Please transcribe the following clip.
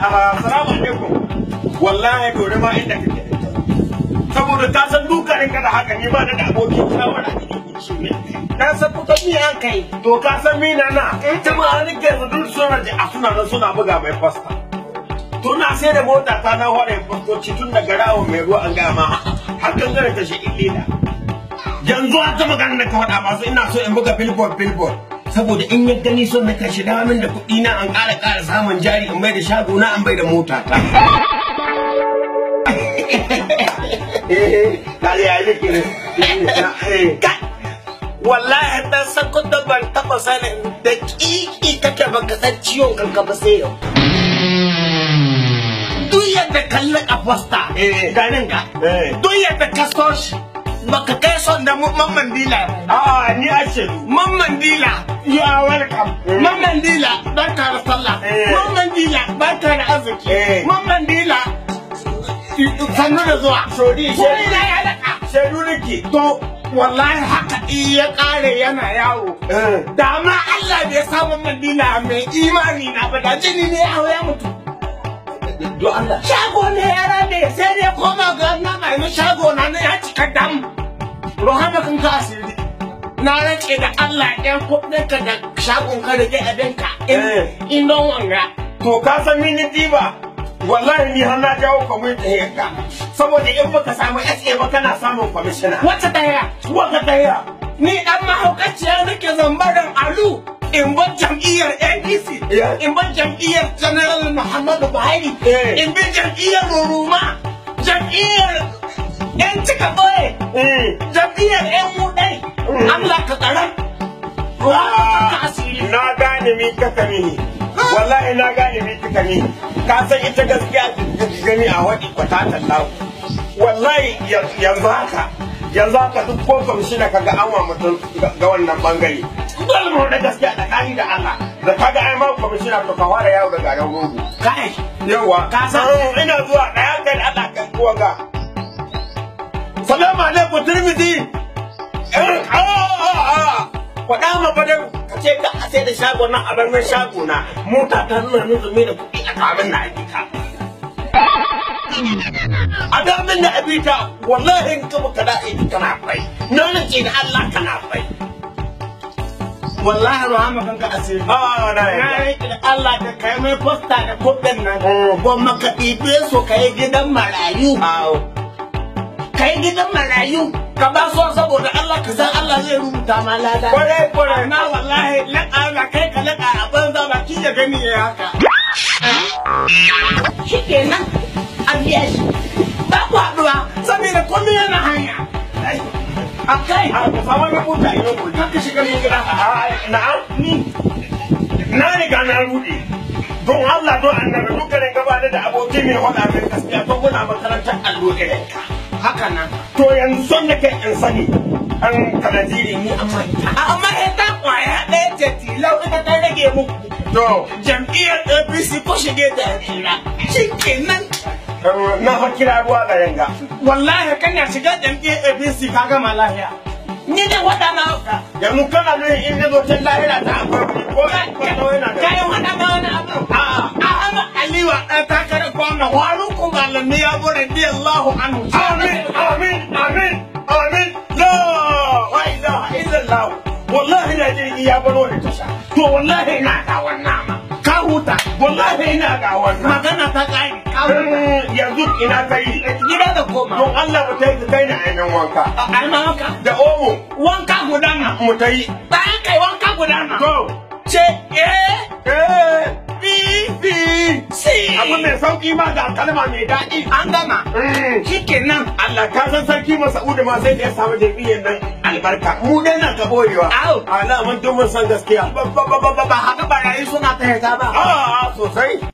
assalamu alaikum wallahi gore ma inda kake saboda ta san dukarin ka da haka ni ba da aboki shawara ta san kuka mi an kai to ka san mi na na eh, jama'a nake da duk suna da a suna nan suna buga mai fasta to na sai da mota ta na hore fastoci tun da rawo mai ruwa an gama har kan gare ta shi illila yanzu har ta magana da ka faɗa masu ina so in buga billboard billboard saboda in ya gani son na kashi damin da kuɗi na an ƙara ƙara samun jari in bai da shago na an bai da mota ta wallahi dan sakon da ban taɓa sanin da ƙiƙi kake baka san ciwon kanka ba sai yau duk yadda kalli a fasta eh, eh. ganin ka eh. duk yadda ka so shi baka kai son da mamman dila a ni ashe mamman dila ya welcome eh. mamman dila dan ka da sallah eh. mamman dila ba ta da azuki eh. mamman dila sannu da zuwa shodi shodi na ya daka shedu nake to wallahi haka ya kare yana yawo da ma Allah bai samu madina mai imani na ba da jini ne ya mutum do Allah shago ne ya rade sai dai koma ga na mai mu shago na ne ya cika dam rohama kan ka asiri na rake da Allah ɗan kuɗin ka da shagon ka da abin ka eh. in don wanga to ka san mini diba wallahi ni har na jawo kwamitin yanka saboda in baka samu SA ba kana samun kwamishina wata daya wata daya ni dan mahaukaciya nake zambaran alu in bar jam'iyyar APC in bar jam'iyyar General Muhammadu Buhari in bi jam'iyyar Ruruma jam'iyyar yan cika ɓoye mm. jam'iyyar yan muɗai mm. Allah ka tsara na gane mi ka kami wallahi na gane mi ka kami ka san ita gaskiya gani a waɗi kwatatan lau wallahi yanzu haka yanzu haka duk ko kwamishina kaga an wa mutum ga wannan bangare dole mu da gaskiya da kani da Allah da kaga ai ma kwamishina to ka fara yawo da garin gogo kai yawa ka san eh, ina zuwa daya kai Allah kan kuwa ga salamu alaikum tirmidhi eh a ah, a ah, ah. faɗa ma fa dai ka ce ka sai da shago na a bar shago na mota ta nuna nuzumi da kuɗi a kamin na hakika a da min na abita wallahi in ka muka da ita kana fai na rike da Allah kana fai wallahi rahama kan ka asiri a ah, na rike da Allah da kai mai posta da kudin nan eh. gomma ka ibe so kai gidan marayu kai gidan marayu ka ba so saboda Allah ka san Allah zai rubuta ma lada. Kwarai kwarai. Na wallahi laƙa kai ka laƙa a banza ba ki da gani ya haka. Eh. biya shi ba ku haɗuwa saboda komai yana hanya a kai a fama na kuta yi yau kan ka shiga min gida na ni na riga na rude don Allah don annabi dukkanin gaba da aboki mai wada min gaskiya don muna makarantar allo irin ka haka nan to yanzu son da kai in sani an kalaziri ni amma amma ita kwaya ɗaya ce ta rage muku to jam'iyyar apc ko shige da rira shi kenan na fa kira ruwa garin ga wallahi kan ya shiga jam'iyyar APC ka gama lahiya ni ne waɗana da mu kana nan in na zoce lahira ta amfani ko ko yana da kai waɗana wani abu a Ahmad Ali wa ɗan takarar gwamna Faruku Malami ya bo allahu anhu amin amin amin amin la wa ilaha illallah wallahi na je iya baro da tasha to wallahi na ga wannan ma. ka huta wallahi n'a ga wannan magana ta kai yanzu ina kai gida da koma don Allah mu tayi ka kai na ainihin wanka ai ma wanka da omo wanka gudana mu tayi bayan kai wanka gudana to ce eh eh bi bi si abu mai sauki ma ga kalma mai daɗi an gama mm. nan. Allah ka san sarki Masa'udu ma sai da ya samu jami'in nan albarka mu dai na ka borewa au ala mun dun san gaskiya ba ba ba ba haka barayi suna ta ba a ah, sosai